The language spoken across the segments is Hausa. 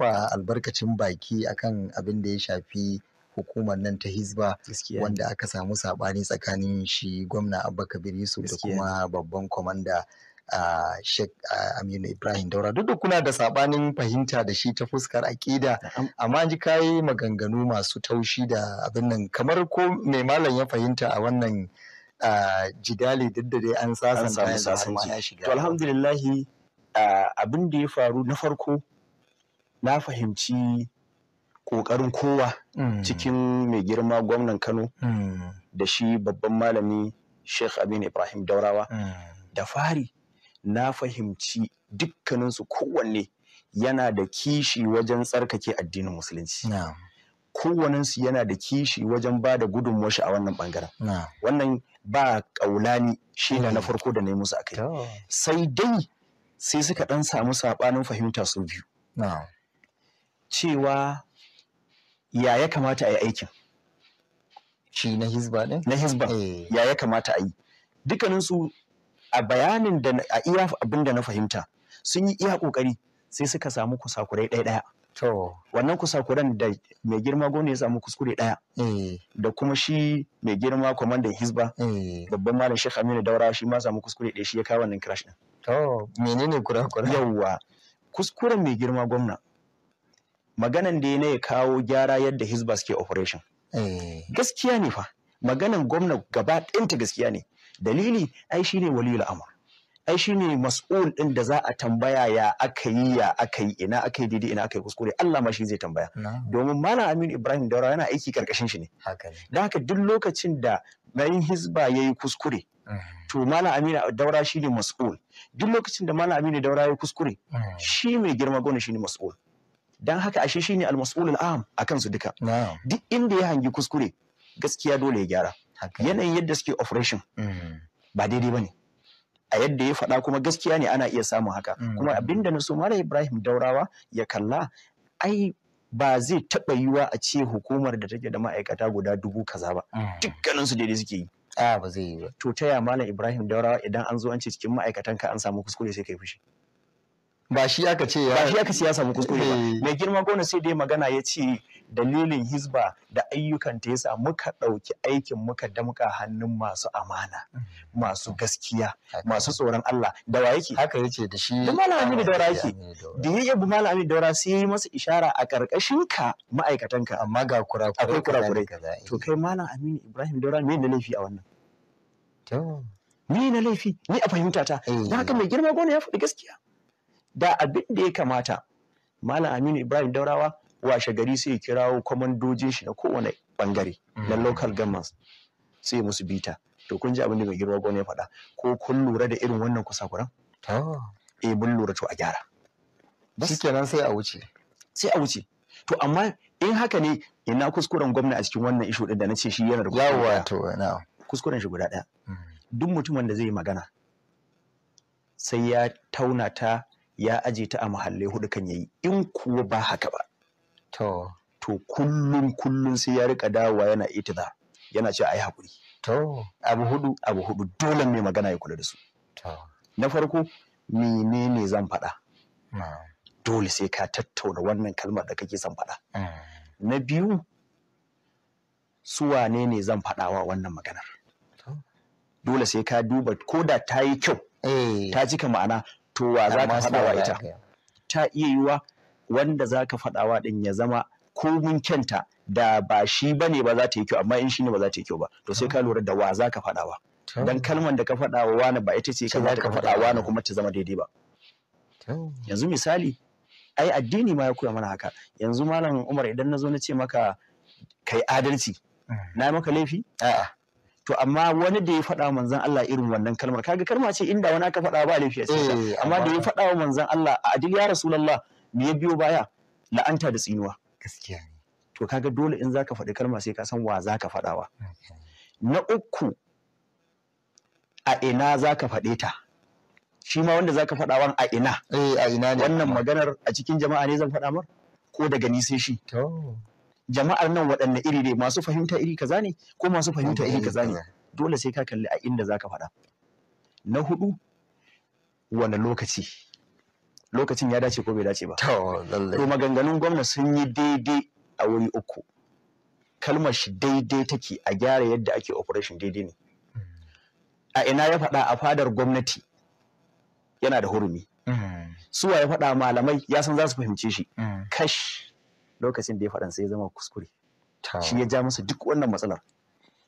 tofa albarkacin baki akan abin da ya shafi hukumar nan ta hizba wanda aka samu sabani tsakanin shi gwamna abba kabir yusuf da kuma babban kwamanda Uh, Sheikh Aminu Ibrahim Daura duk da kuna da sabanin fahimta da shi ta fuskar aƙida amma ji kayi maganganu masu taushi da abin nan kamar ko mai malam ya fahimta a wannan jidali duk da dai an sasanta ya shiga to alhamdulillahi abin da ya faru na farko na fahimci ƙoƙarin kowa mm. cikin mai girma gwamnan kano mm. da shi babban malami sheikh aminu ibrahim daurawa mm. da fari na fahimci dukkaninsu kowanne yana da kishi wajen tsarkake addinin musulunci kowanensu yana da kishi wajen ba da gudunmuwarshi a wannan bangaren wannan ba ƙaulani shi ne na farko da na yi musu akai sai dai sai suka ɗan samu saɓanin fahimta su biyu cewa ya ya kamata a yi aikin shi na hizba ne na hizba eh. ya ya kamata a yi dukkaninsu a bayanin da a iya abin da na fahimta sun yi iya kokari sai suka samu kusakurai ɗaya ɗaya to wannan kusakuran da mai girma gwamna ya samu kuskure ɗaya eh. da kuma shi mai girma kwamandan hizba eh. babban malam shekh aminu daura shi ma samu kuskure ɗaya shi ya kawo wannan crash ɗin to menene kurakuran yawwa kuskuren mai girma gwamna maganan da ya ya kawo gyara yadda hizba suke operation eh. gaskiya ne fa maganan gwamna gaba ɗinta gaskiya ne dalili ai shine wali amr ai shine mas'ul din da za a tambaya ya aka yi ya aka yi ina aka yi daidai ina aka yi kuskure Allah ma shi zai tambaya domin malam Aminu Ibrahim Daura yana aiki karkashin shi ne don haka duk lokacin da Hisba hizba yi kuskure mm. to malam Aminu Daura shine mas'ul duk lokacin da malam Aminu Daura ya yi kuskure mm. shi mai girma gona shine mas'ul dan haka ashe shine almas'ulun aham akan su duka duk inda ya hangi kuskure gaskiya dole ya gyara yanayin yadda suke operation mm. ba daidai bane a yadda ya faɗa kuma gaskiya ne ana iya samun haka mm. kuma abinda na so mara Ibrahim Daurawa ya kalla ai ba zai taɓa yiwa a ce hukumar da take da ma'aikata guda dubu kaza ba mm. dukkanin su daidai suke yi a ba zai yi ba to taya malam Ibrahim Daurawa idan an zo an ce cikin ma'aikatan ka an samu kuskure sai kai fushi ba shi aka ce ya ba shi aka ce ya samu kuskure ba eh. mai girma gona sai dai magana ya ce dalilin hizba da ayyukan ta yasa muka ɗauki aikin muka damka hannun masu amana masu gaskiya masu tsoron Allah da wa yake haka yace da shi da malam Aminu Daura yake da yayi bu malam Aminu Daura sai yi masa ishara a karkashin ka ma'aikatan ka amma ga kurakurai kurakurai to kai malam Aminu Ibrahim Daura me ne laifi a wannan to ni na laifi ni a fahimta ta eh. dan haka mai girma gona ya faɗi gaskiya da abin da ya kamata malam aminu ibrahim daurawa washe gari sai kirawo kwamandojin shi na kowane bangare na mm. local governments sai musu bita to kun ji abin da mai girma gwamna ya faɗa ko kun lura da irin wannan kusakuran eh mun lura to a gyara kenan sai a wuce sai a wuce to amma in haka ne ina kuskuren gwamna a cikin wannan ishu din da na ce shi yana da yawa to kuskuren shi guda ɗaya mm. duk mutumin da zai magana sai ya tauna ta ya aje ta a muhallai hudu kan yayi in kuwa ba haka ba to to kullum kullum sai ya rika dawowa yana itiza yana cewa ayi hakuri to abu hudu abu hudu dole mai magana ya kula da su to na farko menene zan faɗa dole sai ka tattauna wannan kalmar da kake son faɗa mm. na biyu su wane ne zan faɗawa wannan maganar dole sai ka duba ko da ta yi kyau eh. ta cika ma'ana to wa za ka wa ita ta iya yiwa wanda za ka wa ɗin ya zama komin kyanta da ba shi ba ne ba za ta yi kyau amma in shi ne ba za ta yi kyau ba to sai ka lura da wa za ka wa dan kalman da ka wa wani ba ita ce ka za ka wa wani kuma ta zama daidai ba yanzu misali ai addini ma ya koya mana haka yanzu malam umar idan na zo na ce maka kai adalci mm. na maka laifi a'a to amma wani da ya faɗa manzon Allah irin wannan kalmar kaga kalma ce inda wani aka faɗa ba laifi a cikin eh, amma da ya faɗa wa manzon Allah a duk ya rasulullah me ya biyo baya la'anta da tsinuwa gaskiya ne to kaga dole in zaka faɗi kalma sai ka san wa zaka faɗawa na uku a ina zaka faɗe ta shi ma wanda zaka faɗa wan a ina eh a ina ne wannan maganar a cikin jama'a ne zan faɗa mar ko daga ni sai shi to jama'ar nan waɗanne iri ne masu fahimta iri kaza ne ko masu fahimta iri kaza ne dole sai ka kalli a inda zaka faɗa na hudu wani lokaci lokacin ya dace ko bai dace ba to maganganun gwamna sun yi daidai a wuri uku kalmar shi daidai take a gyara yadda ake operation daidai ne a ina ya faɗa a fadar gwamnati yana da hurumi mm. wa ya faɗa malamai ya san za su fahimce shi mm. kash lokacin da ya faɗan sai ya zama kuskure shi ya ja masa duk wannan matsalar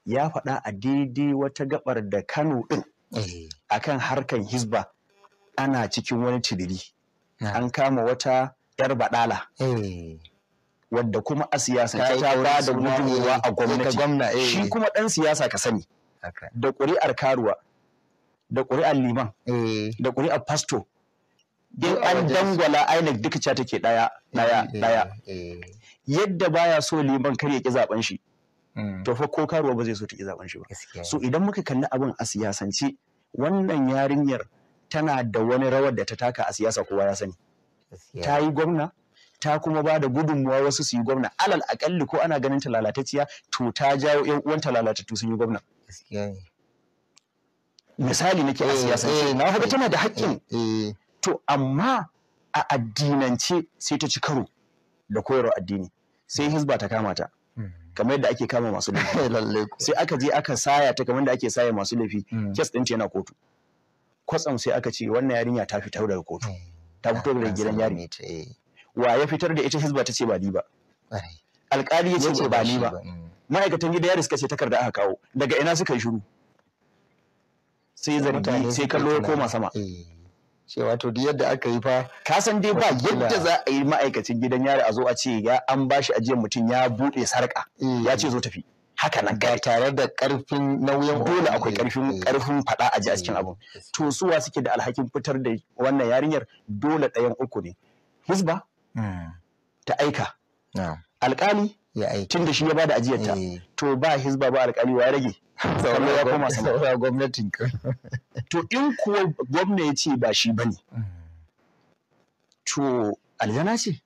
ya faɗa a daidai wata gabar da Kano din eh. kan harkan Hisba ana cikin wani tiriri an kama wata yar badala eh. wadda kuma a siyasa ta ba da gudunmuwa a gwamnati eh. shi kuma ɗan siyasa ka sani da ƙuri'ar karuwa da ƙuri'ar liman da ƙuri'ar fasto duk an dangwala INEC duka ca take daya daya daya eh, eh. yadda baya so liman kar ya ki zaben shi hmm. to fa ko karuwa ba zai so ta ki zaben shi ba so idan muka kalli abin a siyasance wannan yarinyar tana da wani rawar da ta taka a siyasa kowa ya sani ta yi gwamna ta kuma ba da gudunmuwa wasu su yi gwamna alal akalli ko ana ganin ta lalatacciya to ta jawo yan uwanta lalatattu sun yi gwamna misali nake a eh, siyasance na tana da haƙƙin to amma a addinance sai ta ci karo da koyarwa addini sai hizba ta kama ta hmm. kamar yadda ake kama masu laifi eh, sai aka je aka saya ta kamar da ake saya masu laifi hmm. kes din ce yana kotu kwatsam sai aka ce wannan yarinya ta fitar daga kotu hmm. ta fito daga gidan yari eh. wa ya fitar da ita hizba ta ce ba ni ba alƙali ya ce ba ni ba ma'aikatan gidan yari suka ce takarda aka kawo daga ina suka yi shiru sai zargi sai kallo ya koma sama eh. cewa to duk yadda aka yi fa ka san dai ba yadda za a yi ma'aikacin gidan yari a zo a ce ya an bashi ajiyar mutum ya buɗe sarƙa mm. ya ce zo tafi haka nan ga tare da karfin nauyin dole akwai karfin karfin mm. fada a ji a cikin mm. abun to suwa suke da alhakin fitar da wannan yarinyar dole ɗayan uku ne hisba ta aika alƙali tun da shi ya bada ajiyarta eh. to ba hisba ba alƙali wa rage to in kuwa gwamna ya ce ba shi bane to aljana ce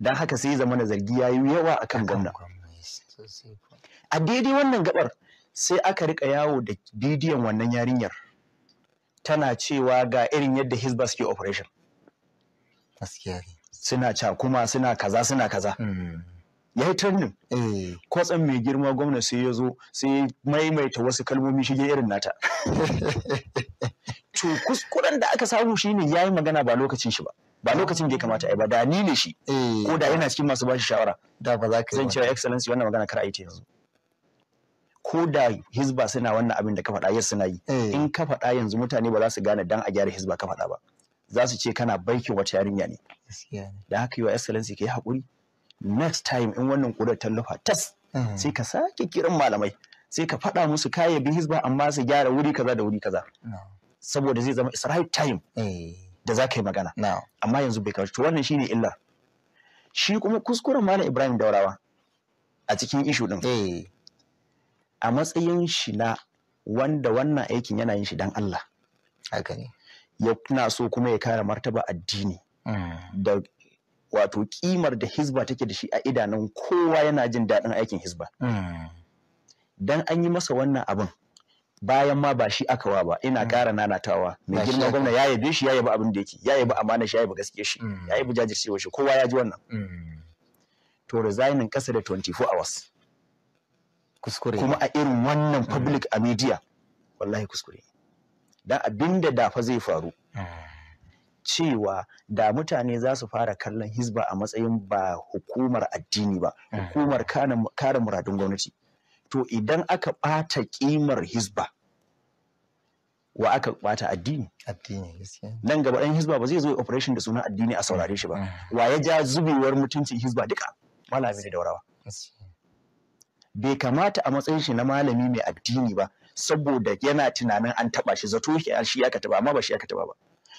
don haka sai zama na zargi ya yi yawa akan gwamna a daidai wannan gabar sai aka rika yawo da bidiyon wannan yarinyar tana cewa ga irin yadda hisba suke operation suna cakuma suna kaza suna kaza mm. ya yi turnin eh. kwatsan mai girma gwamna sai ya zo sai ya maimaita wasu kalmomi shige irin nata to kuskuren da aka samu shine ya yi magana ba lokacin shi ba ba lokacin da ya kamata ba da ni ne shi eh. ko da yana cikin masu bashi shawara da ba za ka zan cewa excellency wannan magana kar a yi ta yanzu ko da hizba suna wannan abin da ka faɗa yes suna yi eh. in ka faɗa yanzu mutane ba za su gane dan a gyara hizba ka faɗa ba za su ce kana baikin wata yarinya ne da haka yi wa excellency ka yi haƙuri next time in wannan kudar tallafa tas mm. sai ka sake kiran malamai sai ka faɗa musu kaya bi hizba amma su gyara wuri kaza da wuri kaza saboda zai zama it's right time eh. da za ka yi magana amma yanzu bai kawo wannan shine illar shi kuma kuskuren malam Ibrahim Daurawa a cikin ishu din eh. a matsayin shi na wanda wannan aikin yana yin shi dan Allah haka ne so kuma ya kare martaba addini mm. da wato kimar da hizba take da shi a idanun kowa yana jin daɗin aikin hizba hmm. dan an yi masa wannan abin bayan ma ba shi aka wa ba ina hmm. ƙara nanatawa mai girma gwamna ya yabe shi ya yabi abin da yake ya yabi amana shi ya yabi gaske shi hmm. ya yabi jajircewa shi kowa ya ji wannan to resigning ƙasa da 24 hours kuskure kuma a irin wannan public a media wallahi kuskure dan abinda da fa zai faru cewa da mutane za su fara kallon hizba a matsayin ba hukumar addini ba mm. hukumar kare muradun gwamnati to idan aka ɓata ƙimar hizba wa aka ɓata addini nan gaba ɗan hizba ba zai zo operation da sunan addini a saurare shi ba mm. wa ya ja zubewar mutuncin hizba duka malami da daurawa bai kamata a matsayin shi na malami mai addini ba saboda yana tunanin an taba shi zato shi aka taɓa amma ba shi aka taba ba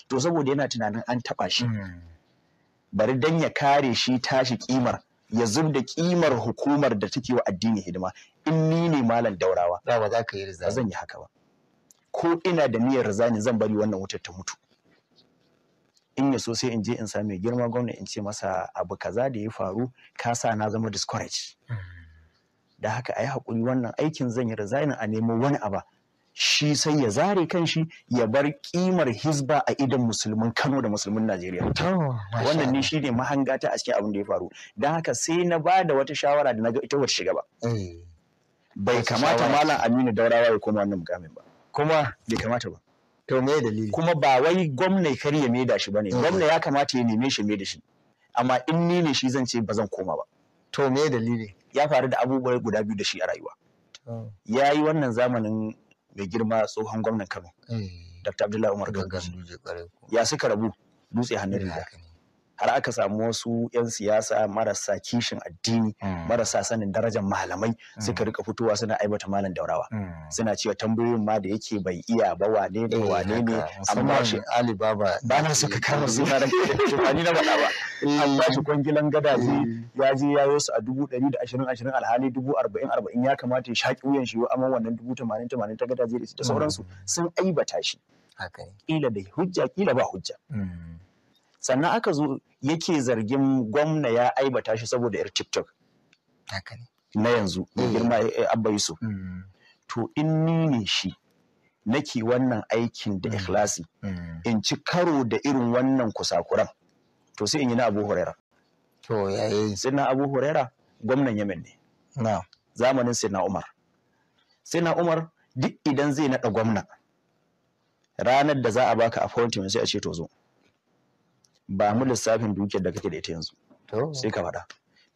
to saboda yana tunanin an taɓa shi hmm. bari dan ya kare shi tashi kimar ya zub da kimar hukumar da take wa addini hidima in ni ne malam daurawa ba za ka yi rizani zan yi haka ba ko ina da niyyar rizani zan bari wannan wutar ta mutu in ya so sai in je in sami mai girma gwamna in ce masa abu kaza da ya faru ka sa na zama discourage hmm. da haka a yi haƙuri wannan aikin zan yi rizani a nemo wani abu. shi sai ya zare kan shi ya bar kimar hizba a idan musulmin Kano da musulmin Najeriya. Wannan ne shi ne mahanga ta a cikin abin da ya faru. Don haka sai na ba da wata shawara da na ga ita wata shiga ba. Eh. Bai kamata Malam Aminu Daurawa ya koma wannan mukamin ba. Kuma bai kamata ba. To me dalili? Kuma ba wai gwamna kar ya maida shi bane. Eh. Gwamna ya kamata ya neme shi maida shi. Amma in ni ne shi zan ce ba zan koma ba. To me dalili? Ya faru da abubuwa guda biyu da shi a rayuwa. Ya yi wannan zamanin mai girma tsohon gwamnan Kano. Eh. Dr. Abdullahi Umar gangan Ya suka rabu dutse hannun riga. har aka samu wasu 'yan siyasa marasa kishin addini mm. marasa sanin darajar malamai mm. suka rika fitowa suna aibata malam daurawa mm. suna cewa tambayoyin ma da yake bai iya ba wane ne eh, wane ne amma shi alibaba ba na suka kama suna da shafani na bada ba amma eh. shi kwangilan gada ne eh. ya je ya yi su a dubu ɗari da ashirin ashirin alhali dubu arba'in arba'in ya kamata ya shaƙi wuyan shi amma wannan dubu tamanin tamanin ta gada da sauransu sun aibata shi kila da hujja kila ba hujja sannan aka zo yake zargin gwamna ya aibata shi saboda yar tiktok na yanzu mai eh. girma eh, eh, abba mm. to in ni ne shi nake wannan aikin da mm. ikhlasi mm. in ci karo da irin wannan kusakuran to sai in yi na abu huraira to yayi sai na abu huraira gwamnan yemen ne na zamanin sai na umar sai na umar duk idan zai naɗa gwamna ranar da za a baka appointment sai a ce to zo ba mu lissafin dukiyar da kake da ita yanzu sai ka faɗa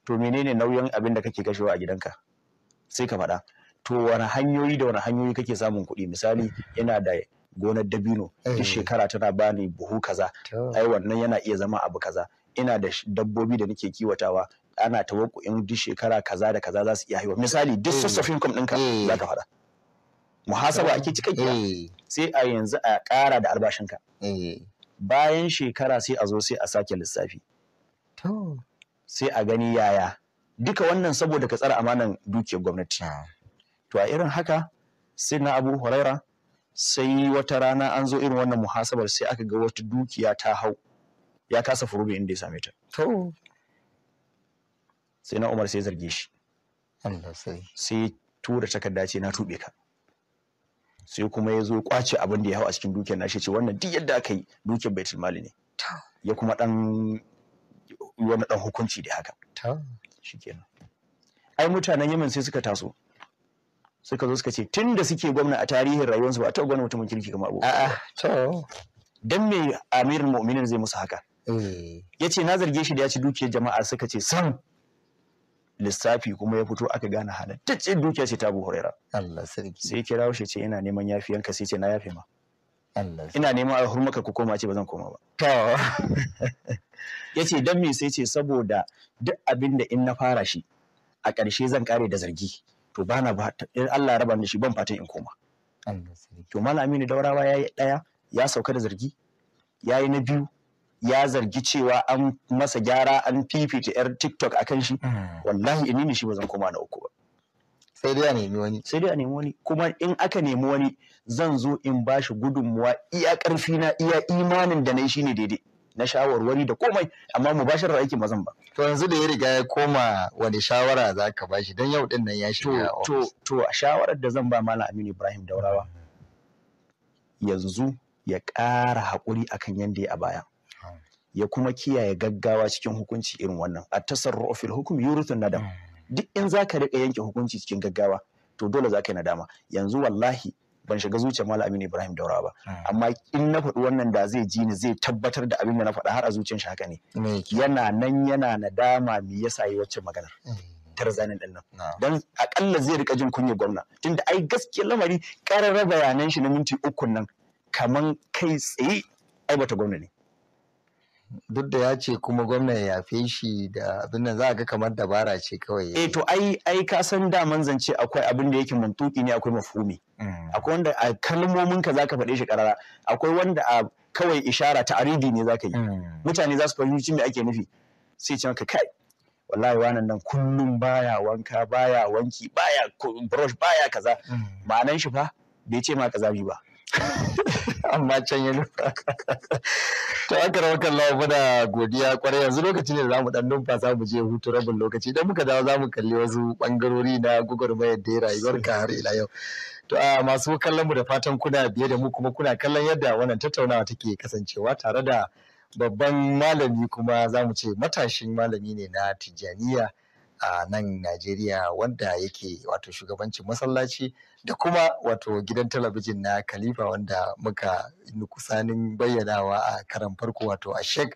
to menene nauyin abin da kake kashewa a gidanka sai ka faɗa to wani hanyoyi da wani hanyoyi kake samun kuɗi misali yana da gonar dabino eh. duk shekara tana bani buhu kaza ai wannan yana iya zama abu kaza ina da dabbobi da nake kiwatawa ana in duk shekara kaza da kaza za su iya haihuwa misali duk eh. sassafin income ɗinka eh. za ka faɗa muhasaba ake cikakkiya sai a yanzu a ƙara da albashinka bayan shekara sai a zo sai a sake lissafi sai a gani yaya duka wannan saboda ka tsara amanan dukiyar gwamnati to a irin haka sai na abu huraira sai wata rana an zo irin wannan muhasabar sai aka ga wata dukiya ta hau ya kasa furubi inda ya same ta sai na umar sai zarge shi sai tura takarda ce na tuɓe ka sai kuma ya zo ya kwace abin da ya hau a cikin dukiyar nashi ce wannan duk yadda aka yi dukiyar baitul mali ne ya kuma dan wani dan hukunci da haka shikenan ai mutanen Yemen sai suka taso suka zo suka ce tun da suke gwamna a tarihin rayuwarsu ba a taɓa gwamna mutumin kirki kamar abu a'a to dan me amirul mu'minin zai musu haka eh. ya ce na zarge shi da ya ci dukiyar jama'a suka ce sam lissafi kuma ya fito aka gane halattacce dukiya ce ta Abu Huraira Allah sarki sai kira shi ce ina neman yafiyanka sai ce na yafe ma Allah ina neman a hurmaka ku koma ce ba zan koma ba to yace dan me sai ce saboda duk abin da in na fara shi a ƙarshe zan kare da zargi to bana ba in Allah ya raba ni shi ban fatan in koma Allah sarki to malami ne daurawa yayi daya ya sauka da zargi yayi na biyu ya zargi cewa an masa gyara an fifita yar tiktok a kan shi hmm. wallahi in ni shi ba zan koma na uku ba sai dai a nemi wani sai dai a nemi wani kuma in aka nemi wani zan zo in ba shi gudunmuwa iya karfi na iya imanin da na yi ne daidai na shawarwari da komai amma mu bashar aiki ba zan ba to yanzu da ya riga ya koma wani shawara za ka ba shi don yau din nan ya shiga to to a shawarar da zan ba malam Aminu Ibrahim Daurawa yanzu ya ƙara haƙuri akan yanda ya a baya ya kuma kiyaye gaggawa cikin hukunci irin wannan a tasarru'u hukum yurutun na nadam hmm. duk in za zaka rika yanke hukunci cikin gaggawa to dole zaka yi nadama yanzu wallahi ban shiga zuciyar Malam Aminu Ibrahim Daura ba hmm. amma in na faɗi wannan da zai ji ni zai tabbatar da abin da na faɗa har a zuciyar shi haka ne yana nan yana nadama me yasa yi wacce maganar hmm. tarzanin din nan dan akalla zai rika jin kunya gwamna tunda ai gaskiya lamari kararra bayanan shi na minti uku nan kaman kai tsaye aibata gwamna ne duk da ya ce kuma gwamna ya yafe shi da abin nan za ga kamar dabara ce kawai eh to ai ai ka san da man zance akwai abin da yake mantuki ne akwai mafhumi mm. akwai wanda a kalmomin ka zaka faɗe shi karara akwai wanda a kawai ishara ta aridi ne zaka yi mm. mutane za su fahimci me ake nufi sai ce maka kai wallahi wannan nan kullum baya wanka baya wanki baya brush baya kaza mm. ma'anan shi fa bai ce ma kaza ba amma can yi to aka kan lawa muna godiya kwarai yanzu lokaci ne da zamu dan numfasa mu je hutu rabin lokaci idan muka dawo zamu kalli wasu bangarori na gwagwarmayar da rayuwar ka har ila yau to a masu kallon mu da fatan kuna biye da mu kuma kuna kallon yadda wannan tattaunawa take kasancewa tare da babban malami kuma zamu ce matashin malami ne na Tijaniya. a nan Najeriya wanda yake wato shugabancin masallaci da kuma wato gidan talabijin na Khalifa wanda muka nukusanin bayyanawa a karan farko wato a Sheikh